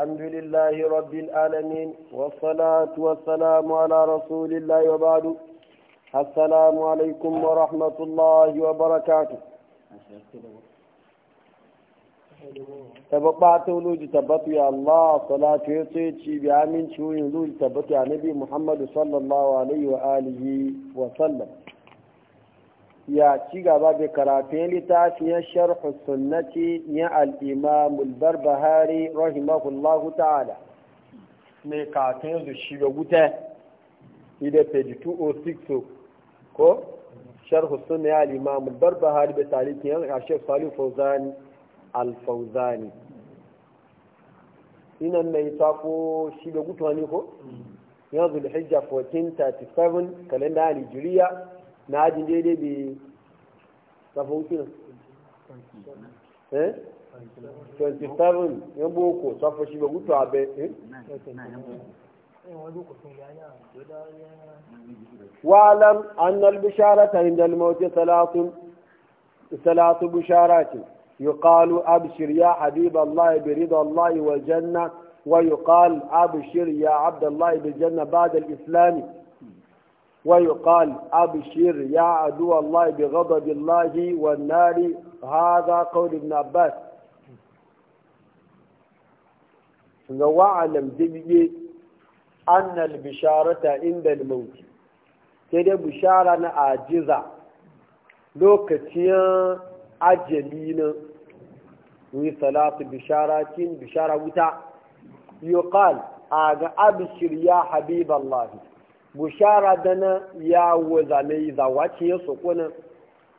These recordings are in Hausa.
الحمد لله رب العالمين والصلاة والسلام على رسول الله وبعد السلام عليكم ورحمة الله وبركاته تبقى تولوج تبقى يا الله صلاة يطيتي بعمين شوين لوج تبقى يا نبي محمد صلى الله عليه وآله وسلم ya ci gaba da karatun littafin sharh sunnati ya al-imam bahari barbahari rahimahullahu ta'ala ne karatun da shi ga wuta ida page 206 ko sharh sunna ya al-imam bahari barbahari da talikin ya shekh salih fawzani al-fawzani ina mai tako shi ga wuta ne ko mm. yanzu da hijja 1437 kalenda alijiriya na ajin daidai bi safon kina eh 27 yan boko safon shi ba gutu abe eh واعلم أن البشارة عند الموت ثلاث ثلاث بشارات يقال أبشر يا حبيب الله برضا الله والجنة ويقال أبشر يا عبد الله بالجنة بعد الإسلام ويقال أبشر يا عدو الله بغضب الله والنار هذا قول ابن عباس وعلم دبي أن البشارة عند الموت كده بشارة عاجزة كتير عجلين وصلاة بشارة بشارة وتا يقال أبشر يا حبيب الله bushara dana ya wuza ne zawaci ya sokuna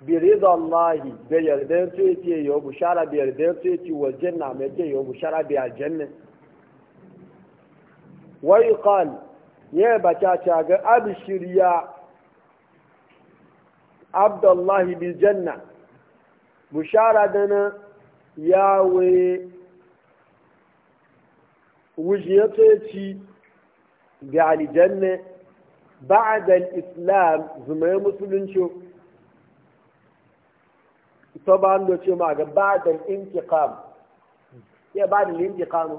biriza Allahi da yardar su ya ce yau bushara da yardar su ya ce wa janna mai ce yau bushara da aljanna wai qal ya bata ta ga abshir ya abdullahi bi janna bushara dana ya we wujiyatu ya ci da aljanna بعد islam zumai musulunci to ba an doce ma ga ba'da al-intiqam ya ba'da al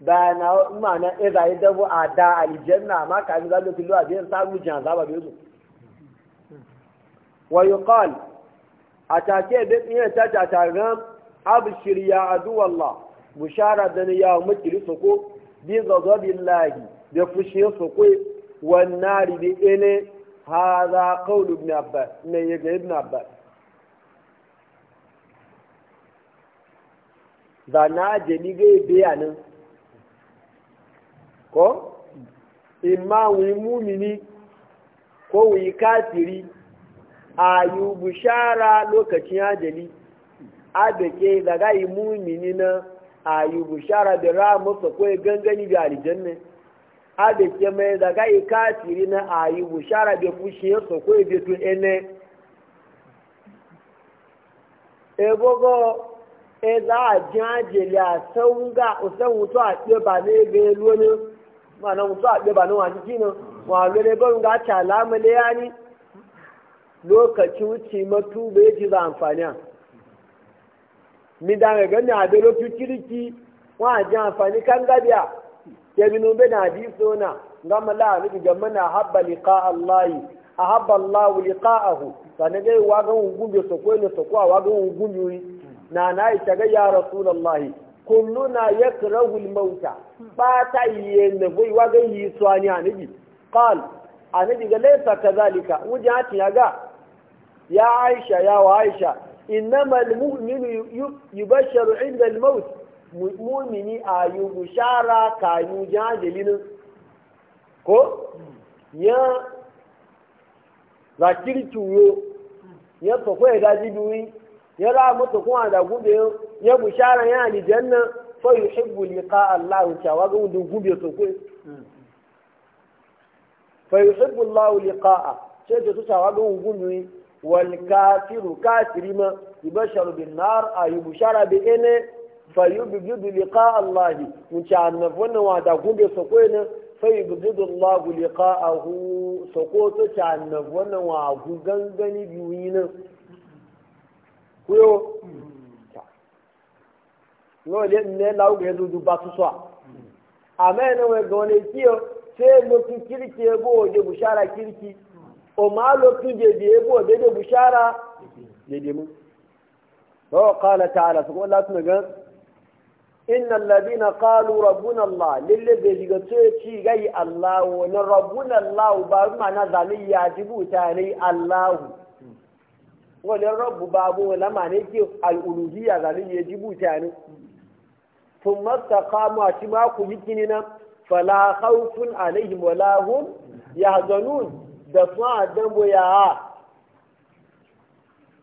da na ma'ana idza yadabu ada al-janna ma ka ni zalo kilo abin samu jan zaba bezo wa yuqal atake da tsiye ta ta taram abshir ya adu wallah bushara ya mutri suko bi ghadabillahi da fushi والنار بإني هذا قول ابن عباس من يقول ابن عباس ذا na jeli بيانا bayanin ko ويمومني wuyi mumini ko kafiri a bushara lokacin ajali a da ke daga mumini na a yi bushara da ra masa ko gangani da aljanna abe ke mai daga ikatiri na ayi bushara da fushi ya soko ebe to ene e bogo eza ajin ajele a saunga usan wuto a ɗeba na ebe elu ne mana wuto a ɗeba na wani jinin wa lere barin ga ta lamale ya ni lokaci wuce matu bai ji za amfani a mi da ga gani a belo kirki wa ajin amfani kan gabiya yabinu bin hadisuna gama la ni ga mana habba liqa Allah ahabba Allah liqa'ahu sanan gai wa ga gumbe so ko ne so ko wa ga gumbe na na yi ta ga ya rasulullah kulluna yakrahu al-mauta ba ta yi ne bai wa ga yi so ani anabi qal anabi ga laysa kadhalika wujati ya ga ya Aisha ya wa Aisha innama al-mu'minu yubashsharu 'inda al mumini a yi bushara ka yi jajilinin ko ya zakiri tuyo ya sako ya daji duwi ya ra mata kuma da gube ya bushara ya janna fa yuhibbu liqa Allah cewa ga wanda gube to ko fa yuhibbu Allah liqa'a sai da tutawa ga gube wal kafiru kafirima yubasharu bin nar ayu bushara bi ene fayubghidu liqa Allah mun ci annabi wannan wada gumbe ko ne fayubghidu Allah liqa'ahu ko to ci annabi wannan wa gu gangani biyu ne kuyo no le ne lawo ga du du basu so amen we go ne tiyo sai lo ki kirki e bo de bushara kirki o ma lo ki je bi bo de de bushara je de mu wa qala ta'ala sako Allah tuna inna ladina qalu rabbuna allah lille be diga to ci gai allah na rabbuna allah ba ma na zali ya jibuta ne allah wala rabbu babu wala ma ne ke al uluhiyya ya jibuta ne thumma taqamu atima ku yikinina fala khawfun alaihim wala hum yahzanun da fa dan boya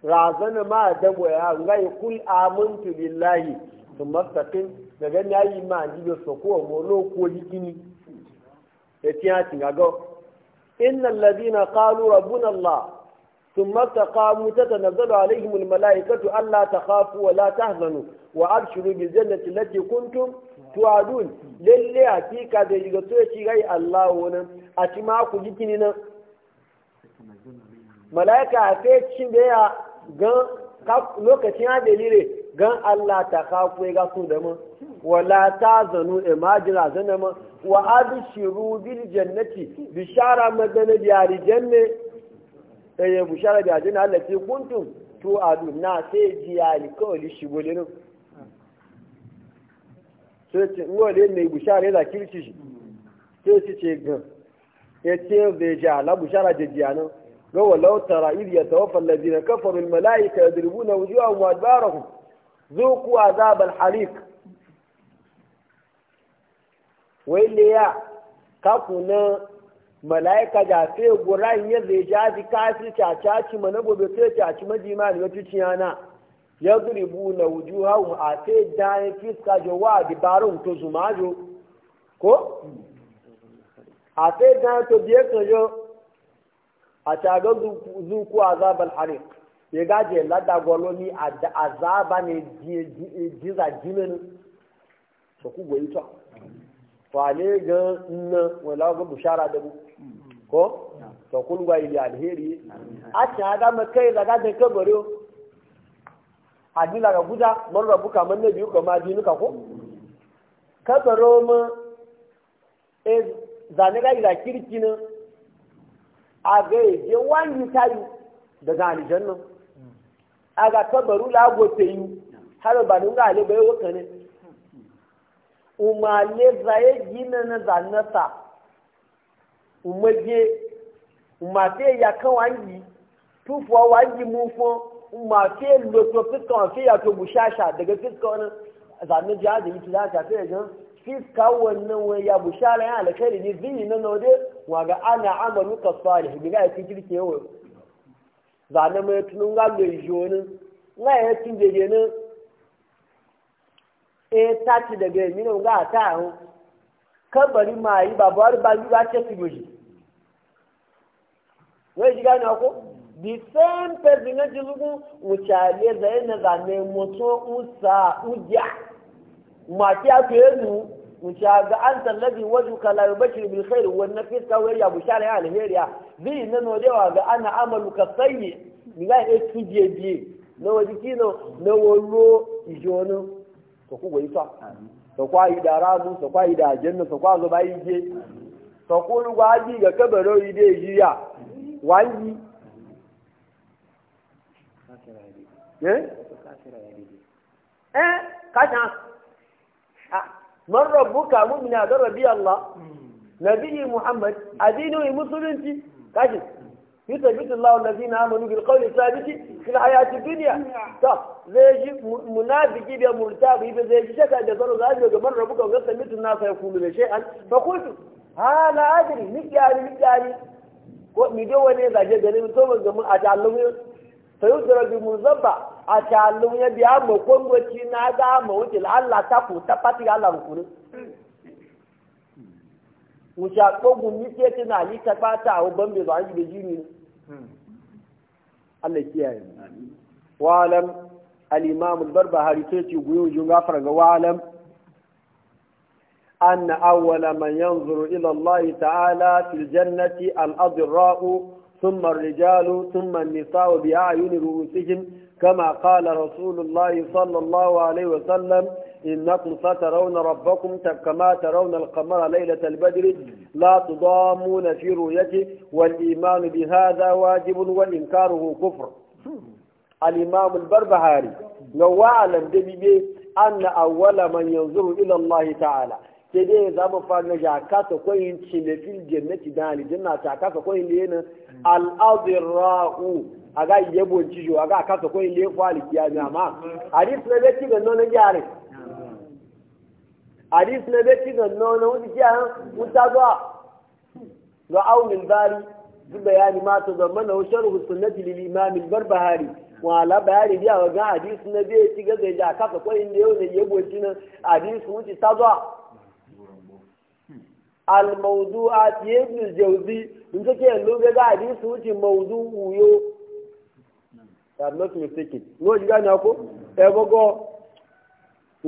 razana ma dan boya ngai kul amantu billahi da mastafin da gani ayi ma an jibe su ko mo lo ko likini e tiya ti ngago inna alladhina na rabbuna allah thumma taqamu tatanazzalu alayhim almalaikatu alla takhafu wa la tahzanu wa abshiru bi jannati allati kuntum tu'adun lalle hakika da yiga to ya a malaika a fe ya ga lokacin gan Allah ta kafu ga su da mun wala ta zanu imajira e zana mun wa abshiru bil jannati bishara madana bi ta eh bishara bi aljanna allati kuntum tu adu na sai ji alkawli shibulin sai ce ngole ne bishara da kirci shi sai su ce gan ya ce bai ja la bishara da jiyanan ga walau tara idh yatawaffa alladhina kafaru al malaika yadribuna wujuhahum wa adbarahum zuku azabal harik wai ya kakuna mala'ika da fe guran ya zai jaji kafi cacaci mana gobe sai caci majima ne wata ciyana ya zuribu na wuju hau a fe dayan fiska wa dibarun to zumajo ko a fe dayan to biye kan a cagar zuku azabal harik ya gaje ladagwalo ni azaba ne jiza jiminin su ku goyi to fale ga nna wala ga bushara da ko to kun ga ili alheri a ta ga makai daga da kabaro adila ga guda mun rabu kamar na biyu kamar jinu ka ko kabaro mu e zane ga ila kirkinin a ga e je wani tayi daga aljanna aga tọgbọrú lágbòtè yìí hálùbà ní nga àlébẹ̀ yóò kàn ní. Ùmọ̀ àlébà yé jí nínú zànẹ́ta ùmọ̀jẹ ùmọ̀ àti ẹ̀yà kan wá ń yí túfọ̀ wá ń yí mú fún ùmọ̀ àti èlòtò kíkan àti ìyàtọ̀ bùṣáṣà dẹ̀gẹ́ kíkan zànẹ́jẹ́ àdéyìí ti láti àti ẹ̀gán. fiska wannan wani ya bushara yana alkhairi ne zini na naude waga ana amalu ka salih bi ga ya fi kirke yau zane mai tunun ga lo joni nga ya tun je je ne e tati daga mi no ga ta ho kabari mai babar ba ju ga ce ti goji wai ji ga na ko the same person na jilugu wuchale za na zane moto usa uja ma ti a ke mun ci ga an tallabi wajen kala ya bashir bil khair wa nafis ka wayya bushara ya alheriya zai na no dewa ga ana amalu ka sanyi ni ga e tuje bi na waji kino no wolo ijono to ku goyi fa to kwa yi idara mu to kwa yi ida janna to kwa zo yi je to ku lu ga ji ga kabaro ide yiya wangi eh eh kacha ah. man rabbuka mu'mina ga rabbi Allah hmm. nabiyyi Muhammad hmm. adinu musulunci kaji yuthabitu Allahu allazina amanu bil qawli thabit fil hayati dunya ta zai ji munafiki da murtabi ba zai ji shaka da zaro zai ga man rabbuka ga sabitu na sai kullu da shay'an fa qultu ha la adri nikari nikari ko mi dawo ne zaje gare mu to mun ga mun a ta Allah ne sayudra bi muzabba a calin ya biya ma kwangoci na ga ma wuce Allah ta ku ta fati Allah rukunin wuce kogun nike tana yi ta fata a ban bai zuwa ji da ne. Allah kiyaye alam al-imam al-barbahari sai ci guyu jun gafara ga an awwala man yanzuru ila Allah ta'ala fil jannati al adra'u ثم الرجال ثم النساء بأعين رؤوسهم كما قال رسول الله صلى الله عليه وسلم إنكم سترون ربكم كما ترون القمر ليلة البدر لا تضامون في رؤيته والإيمان بهذا واجب وإنكاره كفر الإمام البربهاري لو أعلم أن أول من ينظر إلى الله تعالى sai dai za mu fara na jaka ta kwayin fil jannati da aljanna ta kasa kwayin da yana al'azirra'u a ga yabo cijo a ga kasa kwayin da ya kiya kiyami amma hadis na bai ci ganno na gyare hadis na bai ci ganno na kiya kiyaye wuta zuwa ga aunin bari su bayani ma ta zama na wushar sunnati lil imam al-barbahari wala bayani biya ga hadis na beti ga gaza ya kasa kwayin da yau ne yabo cinan hadis wuce ta zuwa almaudu a tiye bil jauzi in take yin a bi su wuce maudu uyo ya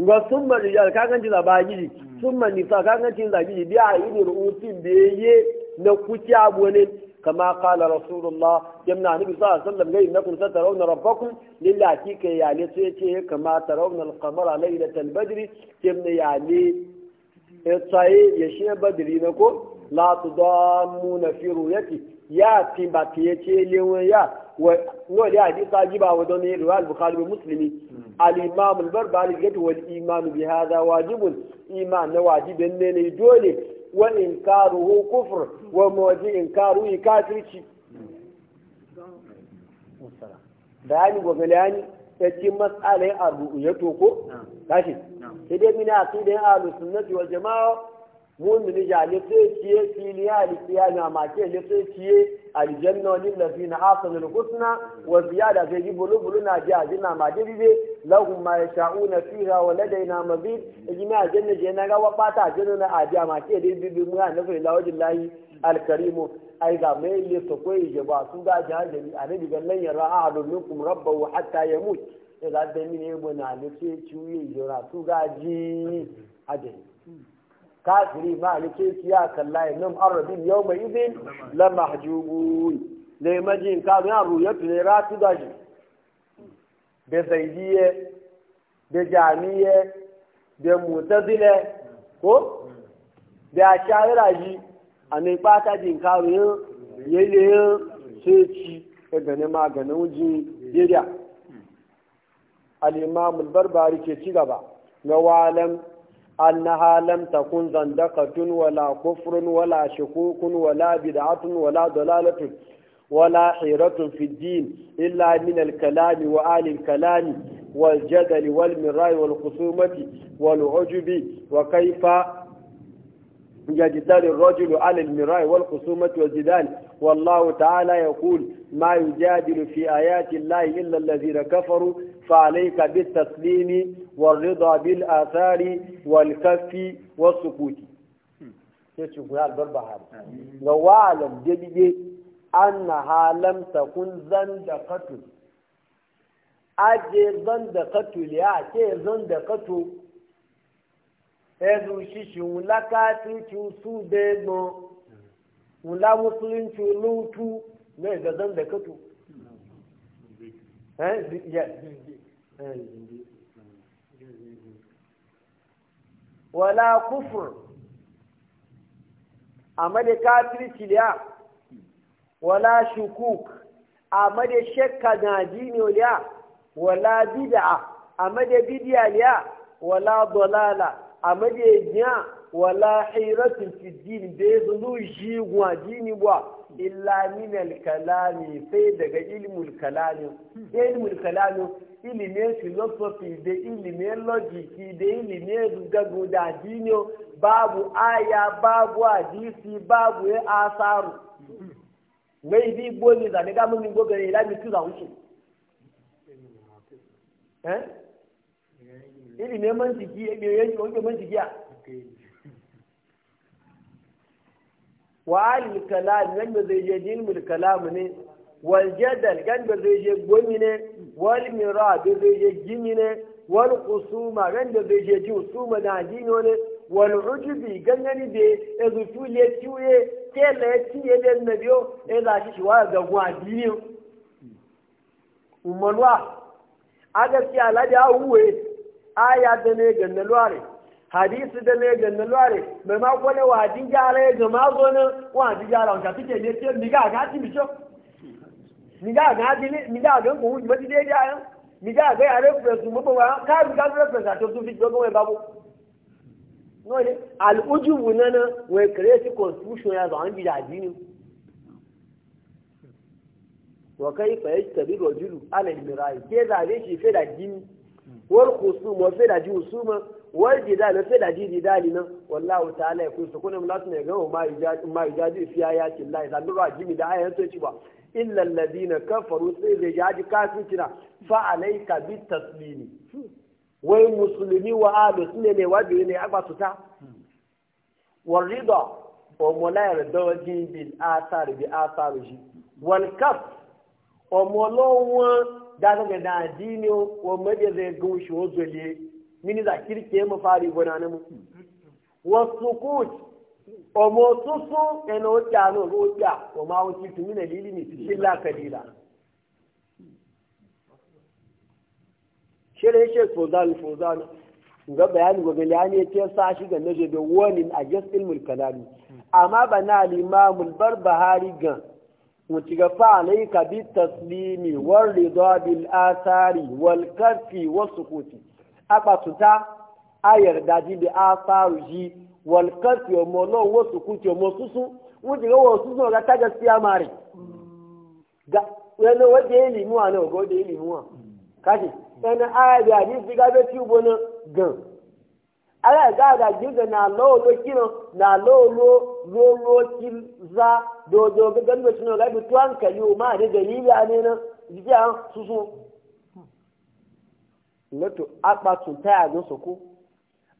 nga summa al kan ganji labaji summa a yi ru utin be ye na kuci abone kama qala rasulullah yamna nabi sallallahu alaihi wasallam lay nakum satarawna rabbakum lillahi kayani sai ce kama tarawna al qamara laylatal badri ya tsaye ya shi badiri na ko la tu damu na fi ruyati ya ti ba ti ya ce lewon ya wani no da hadisi ta jiba wa don ne riwayat bukhari wa musulmi hmm. al imam al barbari gati wani iman bi hadha wajibun iman na wajibin ne ne dole wa inkaruhu kufr wa mawaji inkaruhu kafirci bayani hmm. gwagwalani ya ce matsalai a ru'uyatu ko hmm. tashi sai dai mina aqidan ahlus sunnati wal jamaa ni ja le sai ciye fili ali kiyama ma ke le sai al janna lil ladina al husna wa ziyada zai bulu bulu na ji ajina ma dibe lahum ma yasha'una fiha wa ladaina mabid e ijma janna je na ga wabata janna ajia ma ke de bi mu na fa al karimu ai ga me le to ko je ba su ga jahannami annabi gallan ya ra'a minkum rabbahu hatta yamut sai za ta mini yabo na alife ciwo yora su gaji adali kafiri ma alife ki ya kalla ya nan arabin yau mai izin la mahjubu le majin ka ya ruya tule ra su gaji da zaidiye da jamiye da mutazile ko da shawara ji a mai fata jin kawo yin yayyayin sai ci e ga ganin maganin jin yadda الإمام البربري كتيغبا نوالم أنها لم تكن زندقة ولا كفر ولا شكوك ولا بدعة ولا ضلالة ولا حيرة في الدين إلا من الكلام وآل الكلام والجدل والمراء والخصومة والعجب وكيف يجدل الرجل على المراء والخصومة والجدال والله تعالى يقول ما يجادل في آيات الله إلا الذين كفروا فعليك بالتسليم والرضا بالآثار والكف والسكوت البربة هذا لو أعلم جديد أنها لم تكن زند زندقة أجي زندقة لأجي زندقة ẹnu ṣíṣù ńláká tí tí ó súnde gbọn ńlá mùsùlùmí tí ó lóòtú lóòtú lóòtú lóòtú lóòtú wala kufur Amade da kafirci liya wala shukuk Amade shakka na dini liya wala bid'a amade bid'a liya wala dalala Amade da wala hiratin fi din da ya zulu shi gwa dini illa min al kalami sai daga ilmul kalami ilmul kalami ilimin philosophy da ilimin logiki da ilimin gago da adiniyo babu aya babu hadisi babu ya asaru mai bi gboni zane ga mun go gare ila mi tuza wuce eh ilimin mantiki ebe yayi wanda mantiki a wa al kalam yanda zai yi ilmul kalam ne waljadal gan da zai je gomi ne wal mira da zai je gimi ne wal kusuma gan da zai je kusuma na jino ne wal ujubi gan gani da ya zutu le tiye tela ya tiye da na biyo ya za shi wa ga gwa dini umarwa a gaskiya alhaji awuwe aya da ne ga nalware hadisi da ne ga nalware mai makwane wa hadin gyara ya ga mazonin wa hadin gyara wanka fike ne ce miga ga ti bicho mi da ga dile mi da ga ko mi ti de ja mi da ga ya reference mo bo wa ka mi ga reference ato tu fi jogo e babu no ile al ujubu nana we create constitution ya zo an ji da dini wa kai fa yastabi rajulu ala mirai ke da ne shi fe da dini wal khusum wa fe da ji usuma wal jidal fe da ji jidali na wallahu ta'ala ya kusa kuna mulatu ne ga ma ijadi ma ijadi fiya ya killahi da lura jimi da ayan ci ba illa alladhina kafaru sai da yaji kafirci na fa alayka bit taslimi wai musulmi wa ahlu sunne ne wajibi ne aka tuta warida wa mulayar dawaji bil athar bi atharji wal kaf o mulawwa da daga da dini o maje da gushi o zole mini za kirke mu fari gona na mu wa sukut ọmọ tuntun ẹni ó jà ní òru ó jà ọmọ àwọn tí tùmí nà lílì ní ti sílá kẹlìlà shirin shek fozan fozan ga bayani ga gani ta sa shi ga naje da wani a jas ilmul kalami amma bana al-imamul barbahari ga mutiga fa alayka bi taslimi war ridwa bil athari wal kafi was sukuti aba tuta ayar daji bi atharu walkan ti ọmọ ọlọ́run wọ́n ti ọmọ susu wọ́n ti rọ́wọ́ súnsún ọ̀gá tájà sí àmàrè ẹni ga jẹ́ èlì mú àná ọ̀gá ó jẹ́ èlì mú à káṣí ẹni ààrẹ àdí ìfigábẹ́ tí ó bọ́nà gan ara ẹ̀gá àgbà gbígbẹ̀ nà náà máa dé àná iná apá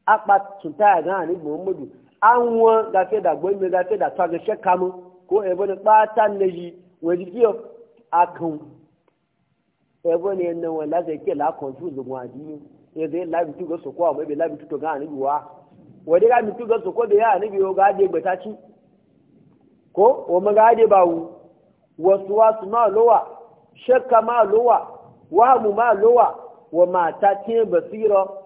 akpa tuntaya ga ani muhammadu an wọn gafe da gbẹmí gafe da tọ́jú ṣe kamu ko ebo ni kpata ne yi wọn di kiyo akun ebo ni ẹnna wọn lásẹ kí la confuse wọn adi ni e ebe labi tu go soko àwọn ebe labi tu to ga ani bi wa wọn de labi tu go soko de ya ani bi o ga de gbẹta tsi ko wọn ma ga de ba wu wasuwasu ma lowa ṣe kama lowa wahamu ma lowa wọn ma ta tiẹ basirọ.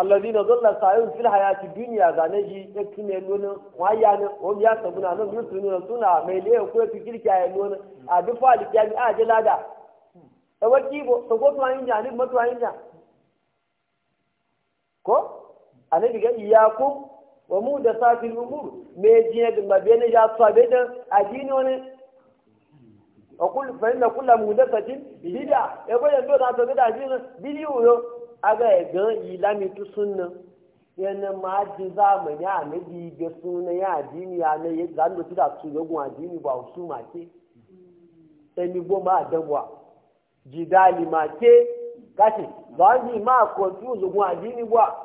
alladina zalla sayun fil hayati dunya zane ji ya kine lona waya ne o ya sabuna nan yusu ne suna mai le ko fi kirkiya ya lona a duk fali kyami a je lada e wati bo to go to ayin jani mato ayin ja ko anabi ga iyakum wa mu da safil umur me jiya da mabene ya sabe da adini wani wa kullu fa inna kullu mudathatin bid'a e bayan do da to bid'a jin bidiyo aga ya ga ilamitu sunna yana ma ji zamani a na bi ga suna ya addini ya na ya zan da tuda su ga gwa addini ba su ma ke sai ni goma a dabwa jidali ma ke kashi ba ni ma confuse gwa addini ba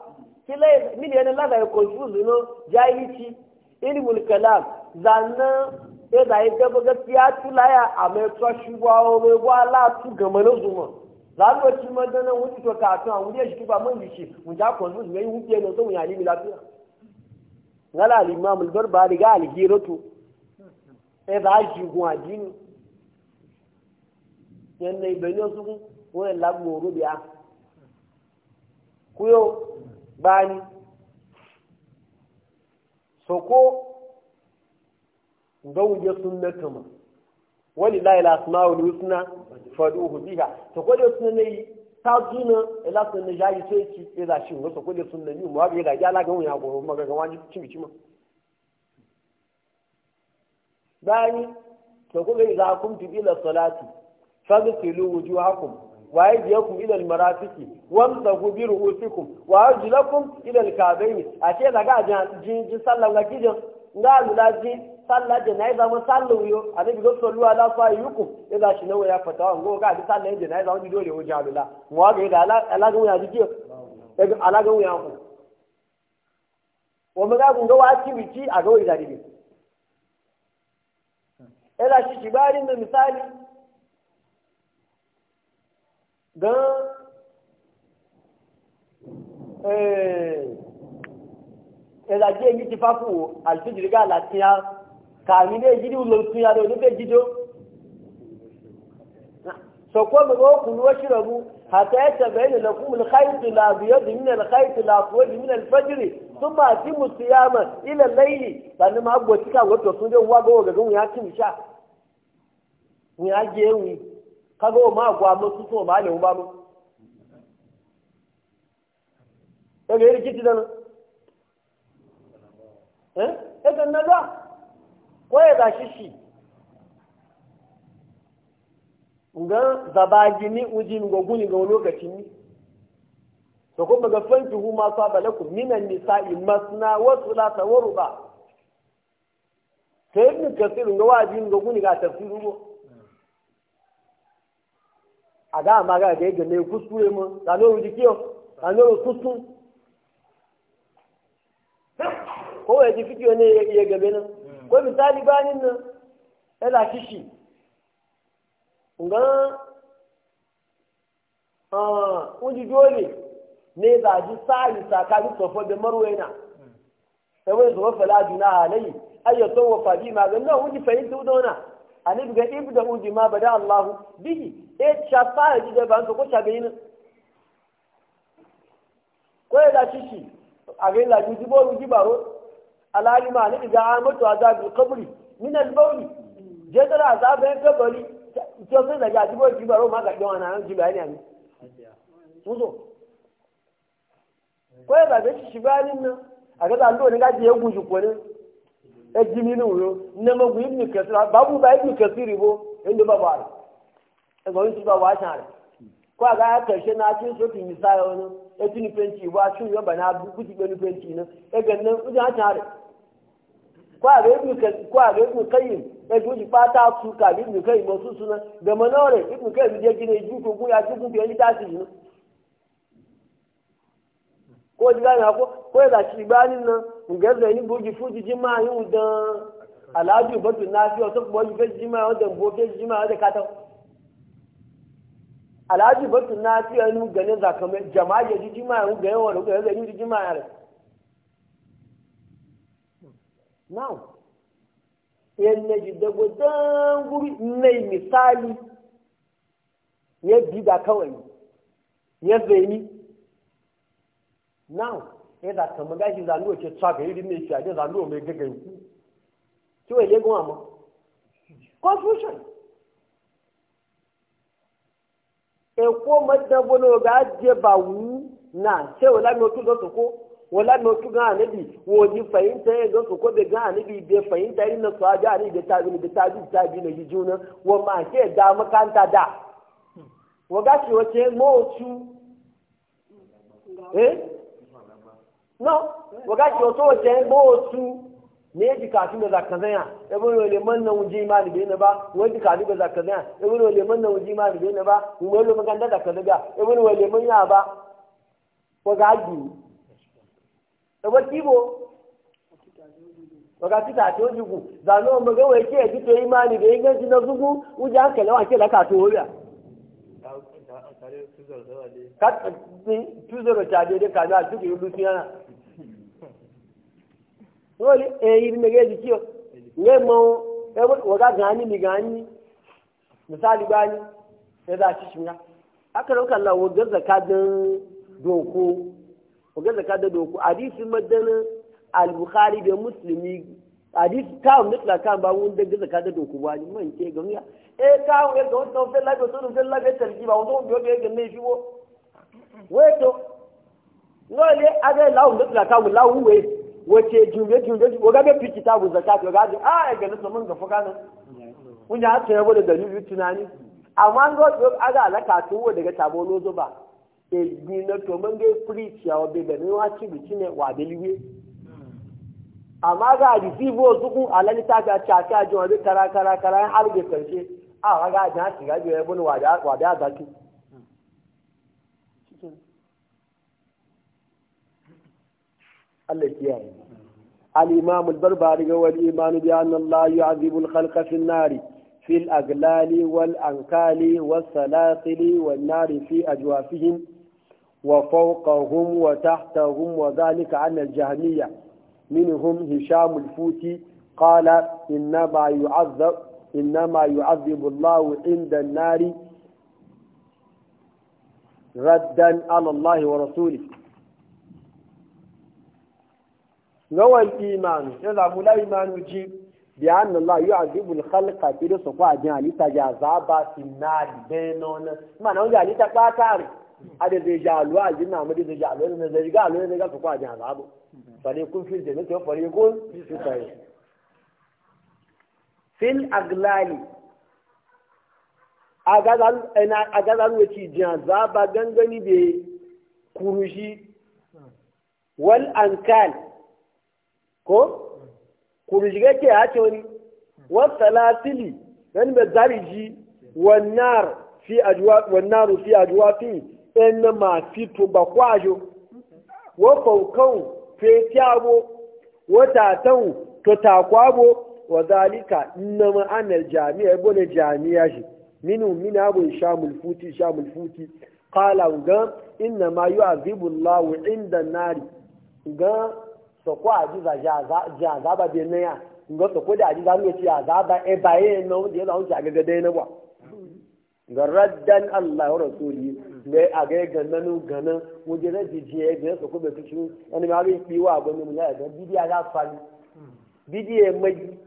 kila ga mini yana laga ya confuse no jahilci ilmul kalam na, ya da ya dabo gaskiya tulaya a mai tsashuwa wa mai wala tu gama na zuma zango ci madana wuti to ka to wuri shi kiba man bishi mun ja ko zuwa yayi wuti ne to mun yali lafiya ngala al imam al barbari ga al hiratu e da shi ko ajin yan nei benyo su ko la mo rubiya kuyo bani soko ngawuje sunnatuma wani la ila asma'ul husna faduhu biha to ko da sunna yi ta zuna ila sunna jayi sai ci ila shi wasu ko da sunna ne mu ga ya la ga wani abu mu ga wani cimi cima bani to za idza kuntum ila salati faghsilu wujuhakum wa aydiyakum ila almarafiqi wamsahu bi ru'usikum wa ajlakum ila alka'bayn ashe daga jin jin sallan ga kijin ga lulaji sallah janaiza mun sallah wuyo annabi go sallu ala fa yuku idan shi nawo ya fatawa go ga bi sallah janaiza wani dole ho jalula mu ga da ala ala ga wuya dikiyo daga ala ga ya ku wa mu ga gun ga wa ci bici a ga wuya dikiyo ila shi shibarin da misali dan eh ila je yi tifafu alfijir ga latiya Ka dé jíde wùlò tún yàrá òní bẹ jídó sọkọ mẹgbẹ ọkùnrin wọn ṣì rọgbù hàtà ẹsẹ bẹẹ lè lọkùn mi lẹkàìtì làbíyọ dì mí lẹkàìtì làkùwẹ dì mí lẹfẹjìrì tó máa ti mùsù yá mà ilẹ lẹyìn tani ma gbọ tí káwọn tó tún waya ga shi shi ga zaba gini ujin ga guni ga lokacin ni to kuma ga fanki hu ma saba lakum minan nisa'i masna wa thulatha wa ruba sai ibn kasir ga wajin ga guni ga tafsiru go a da ma ga ga ne kuskure mu da no dikiyo da no kuskure ko ya ji fikiyo ne ya gabe nan ko misali bayanin na yana kishi ngan uji dole ne ba ji sa'i sakari sofo da marwaina sai wani zuwa fala juna alayi ayyato wa fabi maganin nan uji fahimta udona a ne ibu da uji ma bada allahu bihi e shafa ya ji da ba ko shabe yi ko ya da kishi a ga yi bo ruji baro alalima ni iga amatu azabil qabri min al bawl jadara azabe ma ga jawan nan jiba ne ani muzo ko da be shi ba nin nan aga da lo ne ga je guju ko e jimi ni na ma ibn kasir babu ba ibn kasir bo inda ba ba e go ni ba wa shan ko aga karshe na cin ne e tin 20 ba cin bu ku ti 20 e ga nan u ja ko a ga ibn kayyim ya ji wuce fata su ka ibn kayyim wasu suna da manore ibn kayyim ya gina ji ko ya ji ku biyan ta shi ne ko ji gana ko ko ya zaci ibanin nan ga zai ni buji fuji jima yin da alhaji batu na wasu kuma ji fe jima wanda bo fe jima wanda kata alhaji batu na fi ganin zakamai jama'a ya ji jima yin ga yawan rukunin zai ni jima yare now yanne ji dago dan guri nai misali ya diga kawai ya zaini now ya da kama gashi zanuwa ce tsaga yi ne shi a zanuwa mai gagayi ki wai legun amma confusion e ko madabolo ga je bawu na se wala mi o tun lo to ko wala no tu ga ne bi wo ji fahimta ya ga ko be ga ne bi be fahimta na sa ga ne be ta bi be ta bi ta na ne juna wo ma ke da makanta da wa ga ki wace mo tu eh no wa ga ki wace mo tu ne da ya bari wa leman nan wuji na ba wani kafin da zaka zaya ya e bari wa leman nan wuji imani bai na ba wani leman ganda zaka zaga ya ya ba ẹwọ́ tí bo ọ̀gá títà tí ó dùkù zànú ọmọ gẹ́wọ̀ ẹ̀kí ẹ̀dí tó yín máa nìgbẹ́ yín ti lọ́sùnkú ń jẹ́ àkẹlẹ́ wà kí ẹ̀lẹ́kà tó wọlé à. ka tàdé dé kàdé àtúkè ìlú fi mi gani? misali gani, ẹ̀dá wajen da ka da doku hadisi madana al-bukhari da muslimi hadisi ta mutla kan ba wanda ga zaka da doku ba ni man ke gamiya eh ka ga ga wannan fa la ga sunu fa la ga tarki ba wannan biyo ga ne shi wo weto ngole aga lawo mutla kan lawo we wace jumbe jumbe ko ga be fiki ta bu zakat ga ga a ga na mun ga fuka nan kun ya ta yabo da dalilin tunani amma ngo aga alaka tuwo daga tabo lozo ba egbi na to man ga preach ya wa bebe ni wa ci bici ne wa deliwe amma ga receive wasu kun alani ta ga cha cha ji wa kara kara kara ga a wa ga ja ci ga bun wa da wa da ga ki Allah ya al-imam al-barbari ga wal iman bi anna Allah yu'adhibu al-khalqa fi an-nari وفوقهم وتحتهم وذلك عن الجهمية منهم هشام الفوتي قال إنما يعذب إنما يعذب الله عند النار ردا على الله ورسوله نوى الإيمان إذا ملا إيمان يجيب بأن الله يعذب الخلق في رسوله عجل تجازابا في النار بينون ما نوجه لتقاتاري ada zai ja alu jin na mudi zai ja alu ne zai ga alu ne ga su kwaje azabu fare kun fil jannati wa fare kun fil sa'i fil aglali agadal ina agazal wuci jin azaba gangani be kurushi wal ankal ko kurushi ke ya ce wani wal salasili wani bazariji wannan fi ajuwa wannan fi ajwa fi ẹnna máa fi tó gbà kó àjò wọ́n fọ̀nkán fẹ́ tí a bó wọ́n tààtàn tó wọ́n jami'a ẹgbọ́n jami'a shi minu mini abu ishamul futi ishamul futi kala gan inna ma yi azibu lawu inda nari gan sọkọ àjíza jẹ àzába bẹ náà gan sọkọ dẹ ti ga raddan Allah wa rasuli ne a ga gananu ndị na raji je ga su kuma kici wani ma bai biwa gwani mun ya ga bidiya ga fani bidiya mai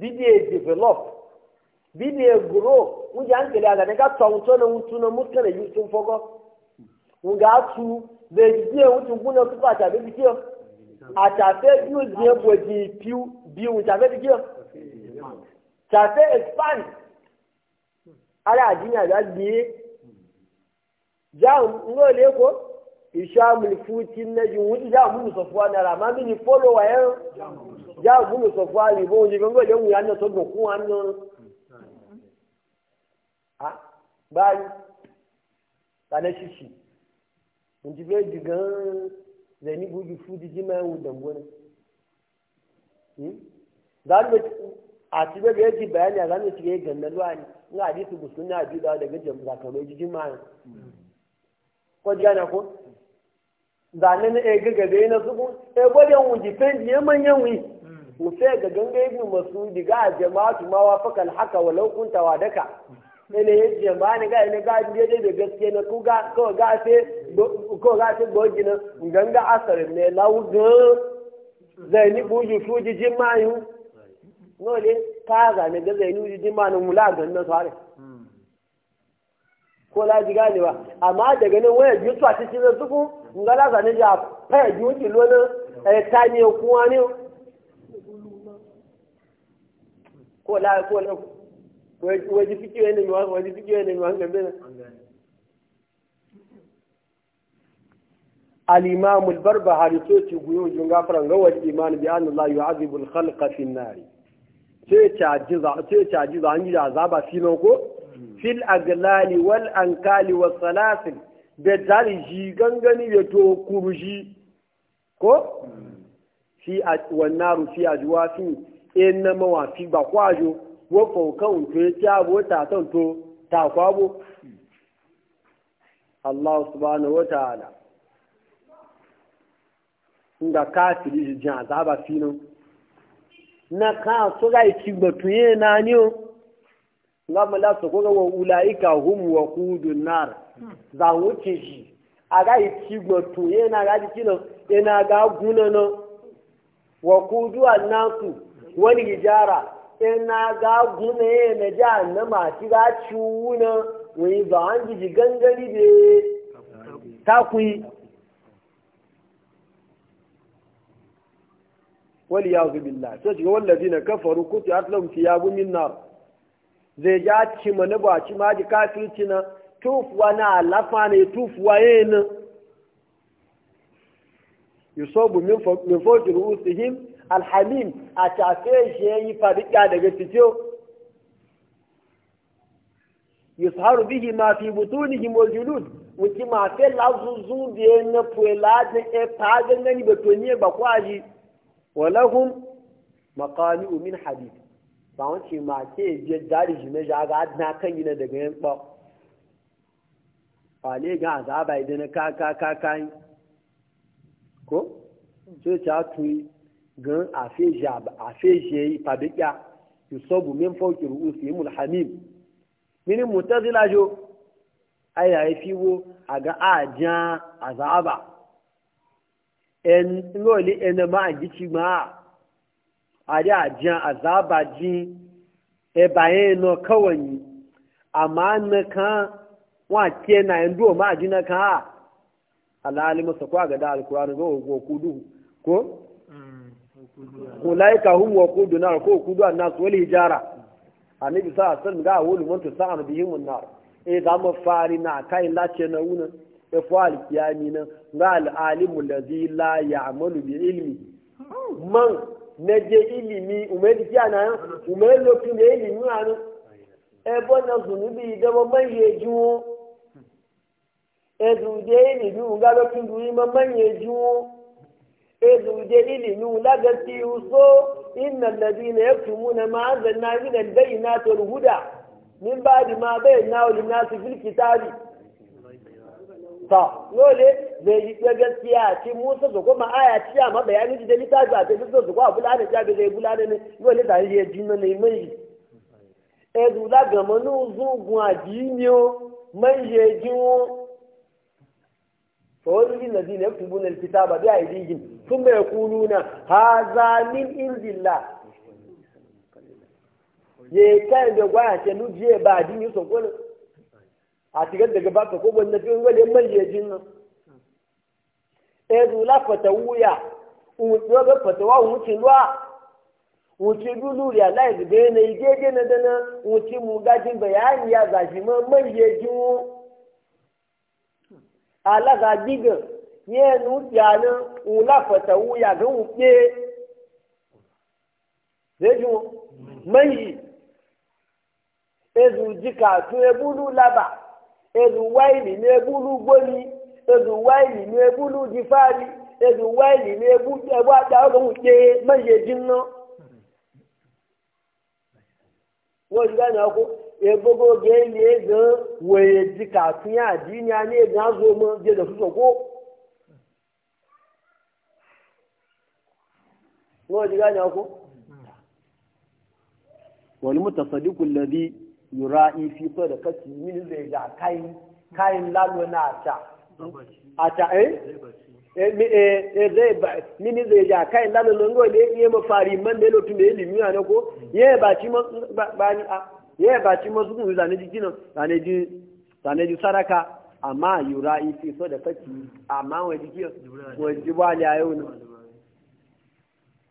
bidiya develop bidiya grow wajen an kele ga na mutu na mutu na yusuf fogo mun ga tu da bidiya mutu kuna bidiya a je bidiya ala ajinya za biye jam ngo le ko isham futi na ju wuti jam mu sofwa na ra ma mi ni follow wa yan jam mu sofwa ri bo ji ngo le mu yan no to go ku an no ah bani kana shishi mun ji be digan da ni buji fuji ji ma wu dan gona dan a ti be ga ji bayani a zan ci ga ganna luwani na hadisi musulun na biyu da daga jam zakamai jijin mayan ko ji ana ko zane eh, na e gagabe na suku e eh, gwajen wuji fendi ya manyan wi musa ga ganga ibn a ga jama'atu ma wa fakal haka walau kunta wa daka ele ye jama'a ne ga ne ga je de gaske na ku ga ko ga se ko ga se goji na ganga asarin ne lawu ga zai ni buju jijin jimayu nole ka zane ga zai nuji jimanin mula ga nan sare ko la ji ganewa amma daga nan waya ji su a cikin nan suku nga la zane a fa ji wuce lona eh ta ne kuwa ne ko la ko la waje fikiyo ne mi waje fikiyo ne mi wanga bena الإمام البربهاري توتي قيوج bi غوى Allah بأن الله يعذب الخلق في النار sai caji za a yi da azaba filon ko mm. fil aglali wal ankali wa salasin da tarihi gangani da to kurji ko mm. fi wannan rufi a juwa fi in na mawafi ba kwajo wa faukan to ya ci abu ta son to ta kwabo mm. Allah subhanahu wa ta'ala inda kafiri jin azaba filon na kan so ga cigbato batuye na ni o lamu la so ko ga wa ulaika hum wa qudun nar za wuce shi a cigbato ci na ga ci no e na ga guna no wa qudu naku wani hijara e na ga guna ye na ja na ma ci ga ciwuna wani ba an ji gangari be takui wal billah sai shiga wallazina kafaru kuti atlum thiyabu min nar zai ja ci mana ba ci ma ji kafirci na tufuwa na lafa ne tufuwa yana yusobu min fojir usihim alhamim a tafe shi fadi fadika daga fitiyo yusharu bihi ma fi butunihim wal julud wuti ma fe lazuzu de na puela de e pa ga ngani betoni ba kwaji walahum maqami umin hadith ba wace ma ke je dari shi na ga na kan yi na daga yan ba wale ga azaba idan na ka ka ka ka ko ce ta tuyi gan afe je afe je fadiya yusabu min fawqi ru'usihim alhamim min mutazila jo ayaye fiwo aga ajan azaba en ngoli en ma agichi ma ari a azaba ji e baye no kawani na kan wa na ndo ma ajina kan a musa kwa ga da alqur'ani go go kudu ko ulaika hum ọkudu ko kudu annas wal hijara annabi sallallahu alaihi wasallam ga wulu mun na ifo alkiyami nan ga al'alimu lazi la ya amalu bi ilimi man na je ilimi umeli kiya na yan umeli lokin da ilimi a nan ebo na zunubi dama manye juwo ezuje ilimi ga lokin duri ma manye juwo ezuje ilimi lagasi so inna alladhina yaktumuna ma anzalna yi al-bayyinati wal huda min ba ba'di ma bayyana lin-nasi fil kitabi ta lole zai yi kuwa gaskiya ci musa su kuma aya ci amma bayanin ji da littafi a tafi su kuma bula da jabe zai bula ne lole da ma ji na mai mai e zula ga a zugun addini o mai ya ji wo fawon yin nazi ne fi bunan ba sun bai kununa haza min indillah ye da gwaya ce ba addini a tigar daga baka ko wanda fi wale mayyajin nan e rula fata wuya wuce ga fatawa wuce ruwa wuce dulu ya lai da bai na igege na dana wuce mu gajin bayani ya zashi ma mayyajin wo ala ga digan yi nu ya na wula fata wuya ga wuce zai ji mayi ezu jika to ebulu laba ezu waili na egbulu gboli ezu waili na egbulu jifari ezu waili na egbu egbu ada oge nwuke meje ji nnọ n'ojiga na ọkụ egogo oge eli ego were ji ka tinye adị nye anya ego azụ ome jedo sosokwo n'ojiga na ọkụ wani mutasadikun ladi yura'i fi so da kashi min zai ga kayan kayan lalo na ata ata eh? Eh, eh eh zai ba min zai ga kayan lalo nan go ne ye mafari man da lotu me ilimi ko ye ba ci ba ni a ye ba ci masu kun zane ji kinan zane ji zane ji saraka amma yura'i fi so da kashi amma wani kiyo wani ji ba ya yau ne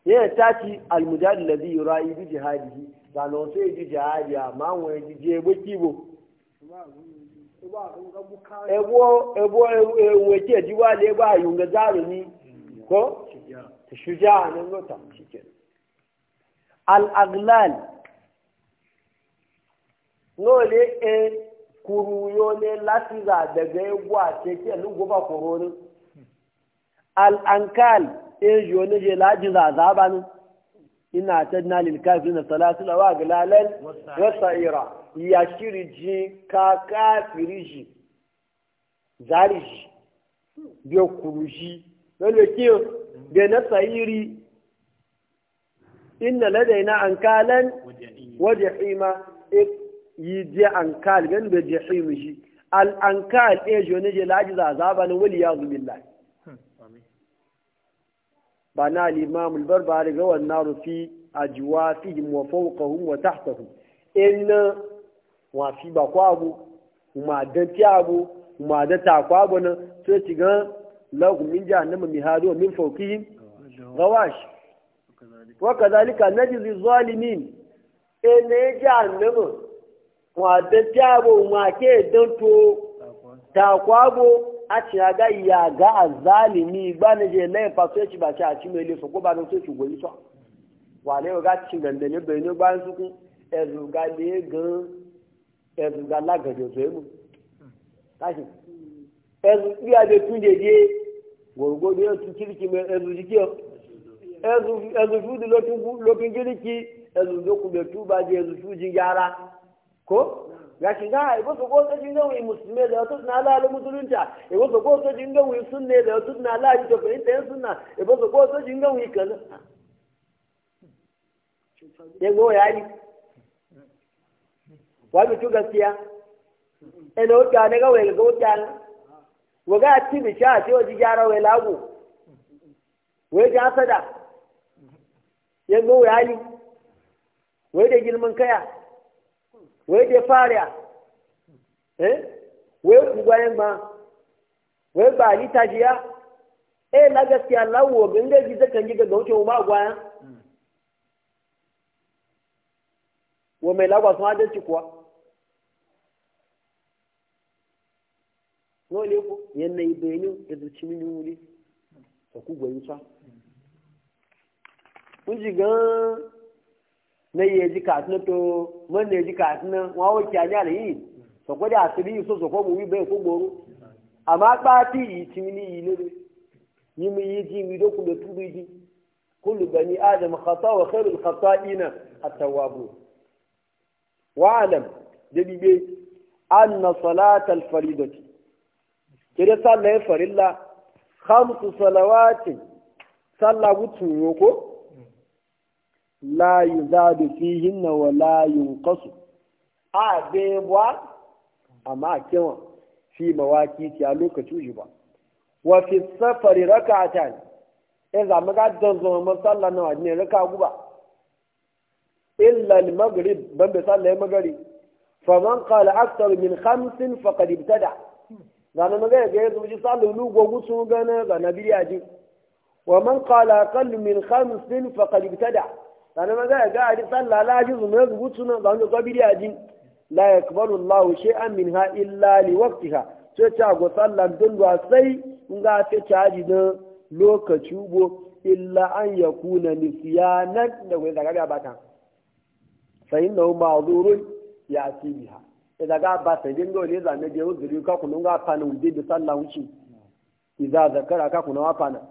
ye ta ci al-mujahid yura'i bi jihadihi zana wasu ya ji jihadi amma wani ji je baki bo ebo ebo wake ji ba le ba yunga zarumi ko ta shuja nan nota shike al-aghlal nole e kuruyo ne lati za daga ebo a teke lugu ba koroni al-ankal e yo ne je laji za zaba ni? ina tadna lil kafirin salatul wa galalan wasa'ira ya shiriji ka zariji biyo kuruji lolo kiyo da na sayiri inna ladaina an kalan waje hima yi je an kal da je al an kal e je laji za zabanin wali ya zubillahi ba na al-imam al-barbari ga wannan rufi ajwafihim wa fawqahum wa tahtahum inna wa fi ba kwabu kuma da tiabu kuma da ta kwabu nan sai ci ga lahum min jahannama mihadu min fawqihim gawash wa kadhalika najzi zalimin ene jahannama wa da tiabu ma ke dan to ta kwabu a ci ga ya ga azalimi ba na je lai fa sai ci ba ci a ci mai leso ko ba na sai goyi so wa le ga ci gande ne bai ne ba su ku ezu ga le gan ezu ga la ga jo so mu tashi ezu bi a de tun de de gorgo de tu kirki mai ezu jiki ezu ezu fu de lotun lotun kirki ezu zo ku be je ezu su ji yara ko gashi ga a ibo ko ta jin gawi musulmi da wasu na la musulunta ibo ko ta jin gawi sunne da wasu na la ji to fa inda sunna ibo ko ta jin gawi kaza ya go wa bi tu gaskiya ene o ta ne ga wai ga o ga ti bi cha ti o ji jara ya go kaya wee je faria eh wee kugwa ma wee ba alita jiya eh la gaskiya lawo ndị inda ji zaka da ga wuce ma gwaya wa mai lagwa sun adalci kuwa n'ole ko yanna ibe ni e da zuci mini wuri kugwa yi na yi ji ka na to man na ji kasu na wọn wọ kí a ní àlè yìí sọkọ dí yi yìí ko mu wi bẹ́ẹ̀ ko gbòòrò àmọ́ apá tí yi ti ni yìí lórí yìí mi yi ji mi dókun lè túbú ji kullu bani adam khata wa khairul khata'ina at-tawwabun wa alam da bibe anna salatal faridati kire sallai farilla khamsu salawatin sallah gutun ko la yuzadu fihinna wa la yunqasu a be bwa amma kewa fi mawaki a lokacin shi ba wa fi safari rak'atan in za mu ga dan zo mu sallah na wajin raka guba illa ni maghrib ban bai be sallah magari faman kala akthar min khamsin faqad ibtada zanu mu ga ga yanzu ji sallah lu gogu sun gana ga biya aji wa man kala aqall min hamsin khamsin faqad da. sani ma gaya ga adi sallah la su zuma ya suna ba wani zuwa bidi aji la yakbalu Allah min ha, illa li ha to ta go sallah don wa sai in ga ta caji don lokaci ugbo illa an ya kuna yakuna nan da wai daga ba ma fa ya ma'dhurun ya'ti biha idan ga ba sai din dole zan je uzuri ka kunu ga fana wuce da sallah wuce idan zakara ka kunu wa fana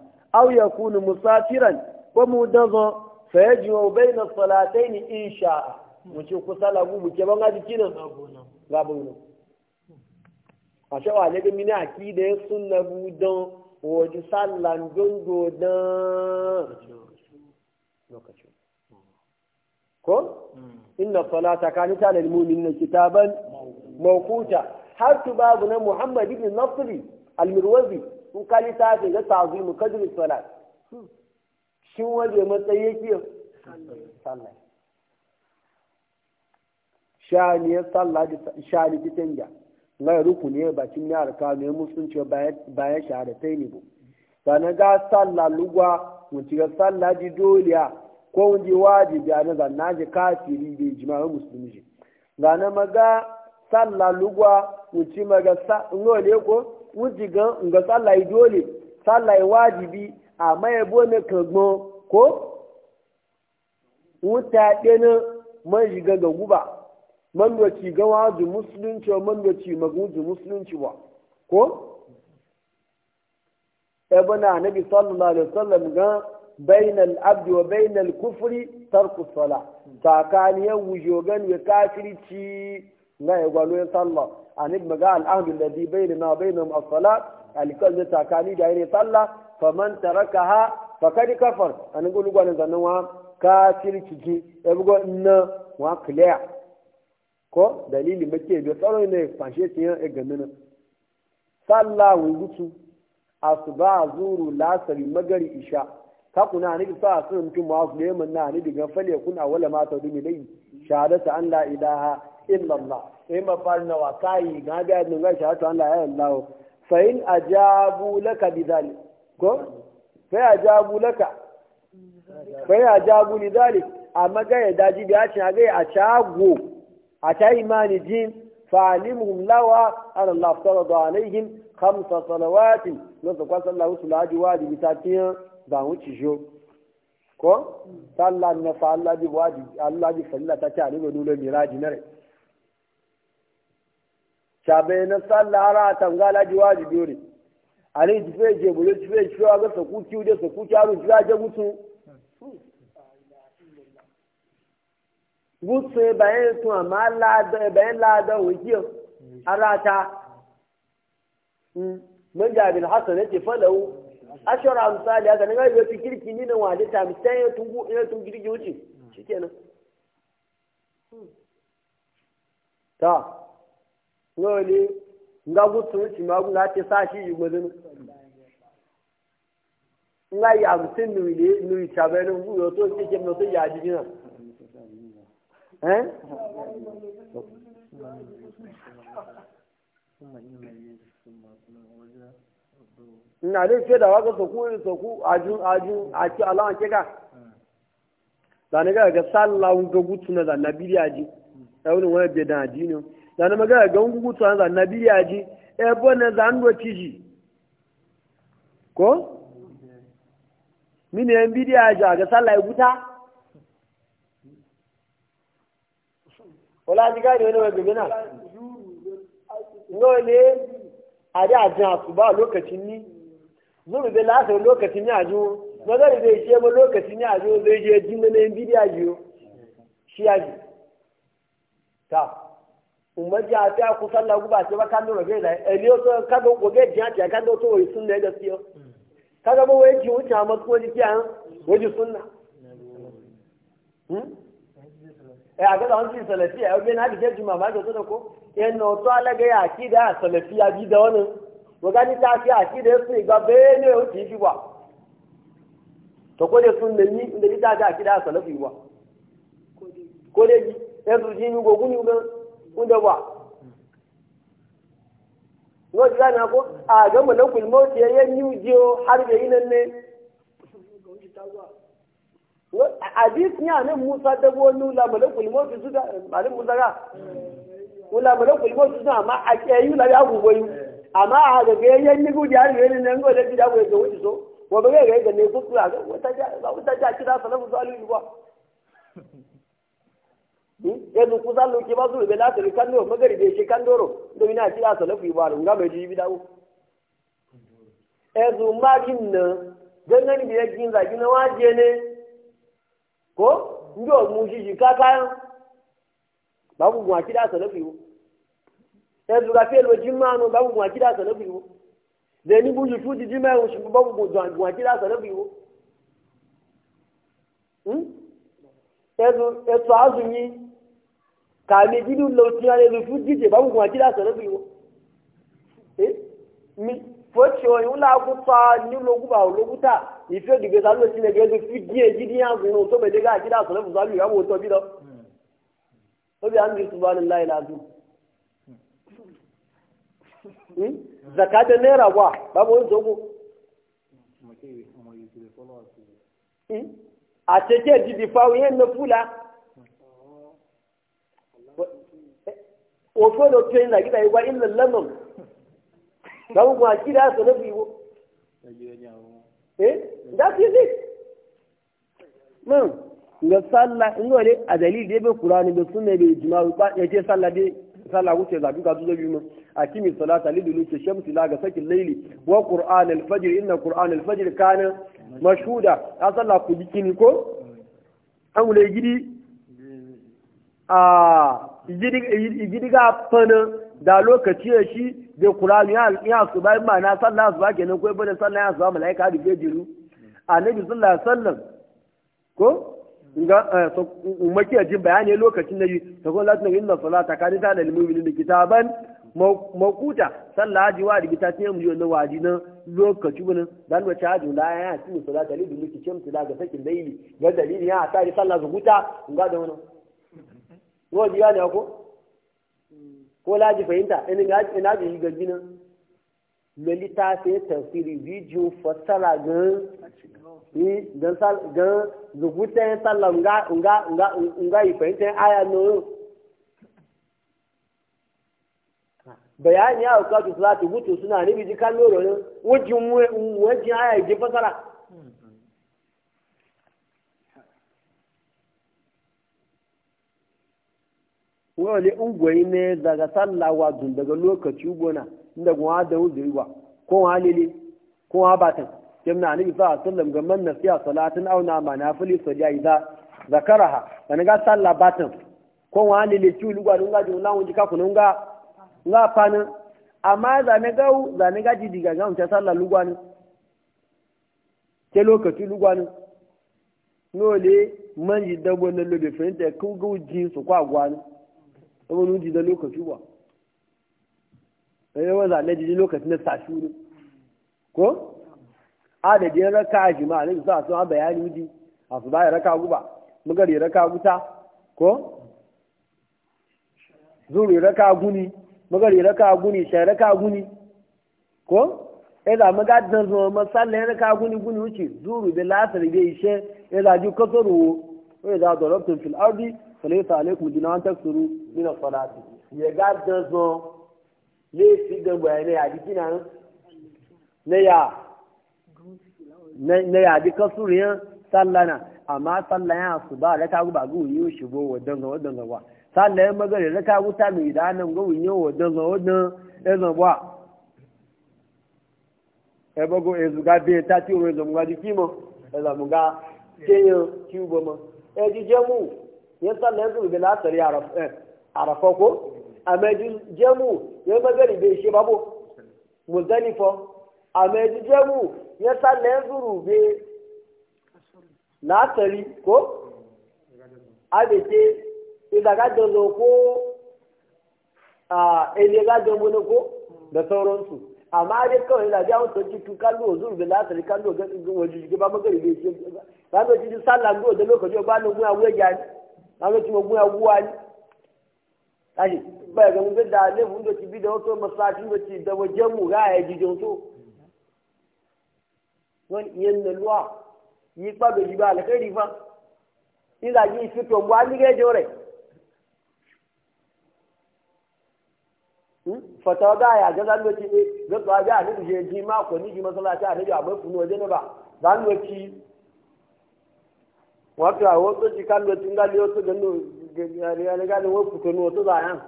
ya kuna musafiran ko mu dazo fayajiwa bai na salatai ni in sha'a mu ce kusa lagu mu ke banga jiki kinan gabon nan a shawa ne ga mini aki da ya sun na budan waje sallan dondo don ko inna salata kani ta lil mu'minin kitaban mawquta har tu babu na muhammad ibn nasri almirwazi sun kun kali ta ga ta'zim qadri salat shin waje matsayi yake sallah shani ya sallah shani ta canja na rukuni ya bakin ya arka ne musulunci bayan shahadatai ne bu ba na ga sallah lugwa wuce ga sallah ji doliya ko wunji wajibi a na zanna ji kafiri da jima'ar musulunci ga na maga sallah lugwa wuce maga sallah ko wuce ga sallah dole sallah wajibi amma yabo ne ka gbo ko? wuta ɗin man shiga ga guba man doci gawa da musulunci man doci magu da musulunci ba ko? ebana na bi sallallahu da wasallam ga bainal abdi wa bainal kufri tarku sala takani ya wujo gan ya kafirci na ya gwalo ya al'adun da maga al'ahdi alladhi bainana wa bainahum as-salat alikal ya takani da ya yi sallah faman ha fakad kafar an gulu gwanin zanin wa kafir ciki ya e bugo na wa clear ko dalili make da tsaro ne fashe ce ya e gamina salla wugutu asuba zuru lasari magari isha ka kuna ni sa sun mutum wa su ne na ni diga fale kuna wala ma ta dumi dai shahadatu an la ilaha illa allah sai e ma na wa kai ga da ni ga shahadatu an la ilaha illa allah fa in ajabu laka bidhalik ko a jabu laka fa jabu ni dalik amma magaya ya daji da ci ga a cago a ta imani jin fa'alimhum lawa ala Allah farada alaihim khamsa salawatin na zakwa sallahu laji wajibi ta tiyan ba wuce jo ko sallah na fa Allah bi wajibi Allah bi farilla ta ta riba dole miraji na rai shabe na sallah ara tangala ji wajibi ne ale jife je bolo jife jife wa ga soku ki ude soku ki aru jife aje gutu gutu eba yen tun ama laado eba yen laado wo jiyo ara ta manja bin hasan ya ce falawu ashara misali haka na gaji fi kirki ni na wade ta misan ya tungu ya tungu girgi wuce shi kenan ta wani nga gutun ci ma nga sa shi yi gudun nga yi abutin nuri nuri bu yo to ke kem to ya ji eh ina ce da waka soku soku ajun ajun a ci alawan ke ka da ne ga ga ga da nabiri aji wani aji ne zana magana ga gutu an zan na biya ji e bona zan do tiji ko mini en bidiya a ga sallah guta wala ji ga ne wani gobe na no ne a da ajin asuba lokacin ni zuru bai lasa lokacin ni ajo magana zai ce ba lokacin ni ajo zai je jin na en bidiya ji shi aji ta ji a ta ku sallah guba ce ba kan dora na eliyo to kaga ko ga ji ta kan do to yi sunna da siyo kaga ba wai ji wuce amma ko ji kiyan waji sunna hmm eh aga da hanji salafiya ya e, oge na da juma ma da to ko eh no to ala ya ki da salafiya bi da wannan waga ni a ki da su ga be ne o ti bi da sunna ni inda ta da salafi wanda ba no ji gana ko a ga malakul maut yayin yan yujiyo har da yinan ne hadis musa da wani la malakul maut su da malin musa ga wala malakul maut su amma a kayu la ya gogoyu amma a ga ga yan ni gudu har da ne ko da bi da ga wuce so wa ba ga ga ne fuskura ga wata ja wata ja salamu ba yanzu kusa lokaci ba su rube lasiri kan magari bai shi kan doro domin na ci a salafu ibaru ga mai jibi dawo yanzu magin nan gangan da ya jin zaki na waje ne ko ndi o mu shi shi ka kayan ba ku gwa kida salafu ibo yanzu ga fiye lojin manu ba ku gwa kida da ni shi ba ku gwa kida azumi kàmi jíde lọ sí ara ẹni fún jíjẹ bá gbogbo àjídá sọ̀rọ̀ bí wọn. mi fọ́ọ̀tì ọ̀yìn ńlá kúta nílòkúta òlòkúta ìfẹ́ òdìgbé sálọ sílẹ̀ gẹ́gẹ́ fún díẹ̀ jíde àgùnrún tó bẹ̀ẹ́ dégá àjídá sọ̀rọ̀ fún sálọ ìyàwó tọ́jú lọ. lóbi à ń bí láyé ládùn. zakadẹ náírà wà báwo ń sọ́kù. àtẹ̀kẹ́ dìdì fáwọn yẹn ń lọ fúlà. oto da oto yana gida yiwa inna lamam ga mu ma kida so na biwo eh that is it mun ga sallah salla ngore a dalili da be qur'ani da sunna be ijma'u ba ya je sallah dai sallah wuce ga duka zuwa biyu akimi salata lidulu ke shamsi la ga sakin laili wa qur'an al-fajr inna qur'an al-fajr kana mashhuda a sallah ku dikini ko an wule gidi a gidiga fana da lokaci ya shi da kuranu ya su ba yi mana sallah su ba kenan ko ibada sallah ya su ba malaika da ke jiru annabi sallallahu alaihi wasallam ko ga eh, ummaki jin bayani lokacin da ta kuma lati inna salata kan ta da mu'minin da kitaban makuta sallah haji wa rigita ta yi yo na waji na lokaci wani dan wace haji wula ya ci salata li da miki cin tila ga sakin daili ga dalilin ya ta sallah zuguta ga da wani. ngo ji gane ko ko laji fahimta in ga ina ji ga gina meli ta sai tafsiri bidiyo fasara ga ni dan sal ga zuguta sallam nga nga nga yi fahimta aya no bayani ya ka hutu suna bi kan loro ne wajin wajin aya ji fasara wale ungwai ne daga sallawa dun daga lokaci gona inda gwa da uzuri ba ko halili ko habatan jamna annabi sallallahu alaihi wasallam ga man nasiya salatin aw na manafili so ya da zakaraha dan ga sallah batan ko halili ci lugwa dun ga dun lawun jika kun ga ga fani amma za ne ga za ne ga diga ga mun sallah lugwa ne ke lokaci lugwa ne nole manji dabo na lobe fahimta ko gauji su kwa gwani kuma nuji da lokaci ba sai yawan zane jiji lokaci na sashi ne ko adadin raka a jima'a ne za a sun bayani wuji a su bayan raka guba magari raka guta ko zuri raka guni magari raka guni shai raka guni ko da magadan zuwa masallan raka guni guni wuce zuru da lasar bai ishe ila ji kasaru ko da darabtun fil ardi falaisa alaikum dinan taksuru min as-salati ya ga da zo le fi da bayane a diki nan ne ya ne ya di kasuru ya sallana amma sallan sallaya su ba da ta guba gu yi shi bo wadan ga wadan ga wa sallayan magare da ta guta mai idanan ga wunyo wadan ga wadan ga ga wa e bogo e zuga be ta ti o zo mu ga di kimo e la mu ga keyo ki ubo mo e di jemu ya tsalla yanzu ga lasari a eh, rafa ko a mai jemu ya magari bai shi babu muzdalifa a mai jemu ya tsalla yanzu rube lasari ko a da ke izagajen zo ko a elegajen wani ko da sauransu amma dai kawai yana ja wata cikin kallo zuru da lasari kallo ga wajen ba magari bai shi ranar cikin sallah da lokaci ba nan wuya wuya gyani láwọn tí mo gún ẹwú wa ní láti bẹ́ẹ̀ da léwu ń dòtí bí dẹ́wọ́ tó mọ́sáàtì ń dòtí ìdẹ́wọ́ jẹ́mu rà ẹ̀ jíjọ tó wọ́n yẹn ń lọ́wọ́ yìí pàdé yìí bá a lẹ́kẹ́ rí fa nígbà yìí fi tó bu alígẹ́jọ rẹ̀ fọ̀tọ̀ ọgá àyà gẹ́gẹ́ ló ti lọ́tọ̀ ajá àdébùjẹ́ jí má kò ní wato a wasu ji kan lokacin gali wasu gano gari gani wasu fito wasu zayan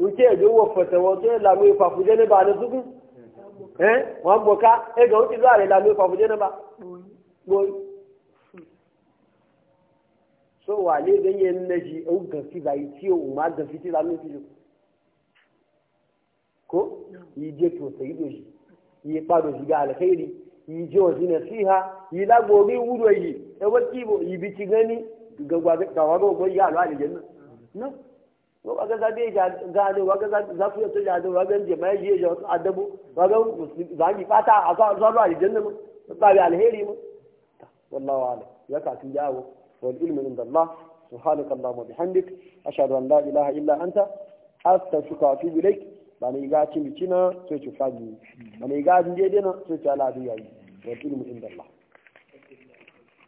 nke ya jowa fata wasu ya lamu ya fafuje ne ba na zuku eh wọn boka e ga wuce za a lamu ya fafuje ne ba boyi so wale ganye na shi au gafi zai ciye umar gafi ci zamu fi ko yi je to sai doji yi kpado shiga alkhairi yi ji wa zina siha yi lagomi wuro yi ya e wakki yi biki gani ga wago gwai ya alwa alijin nan nan waga za bai gane waga za su yato ya da waga je mai je ya wasu adabu waga za mu fata a zuwa zuwa alijin mu, ba bi alheri mu wallahu wala ya ka tun jawo wal ilmi inda Allah subhanaka allahumma bihamdik ashhadu an la ilaha illa anta astaghfiruka wa atubu ilaik ba ne ga cin bicina sai ci fadi ba ne ga jin daidai na sai ci ala yayi ويكينهم عند الله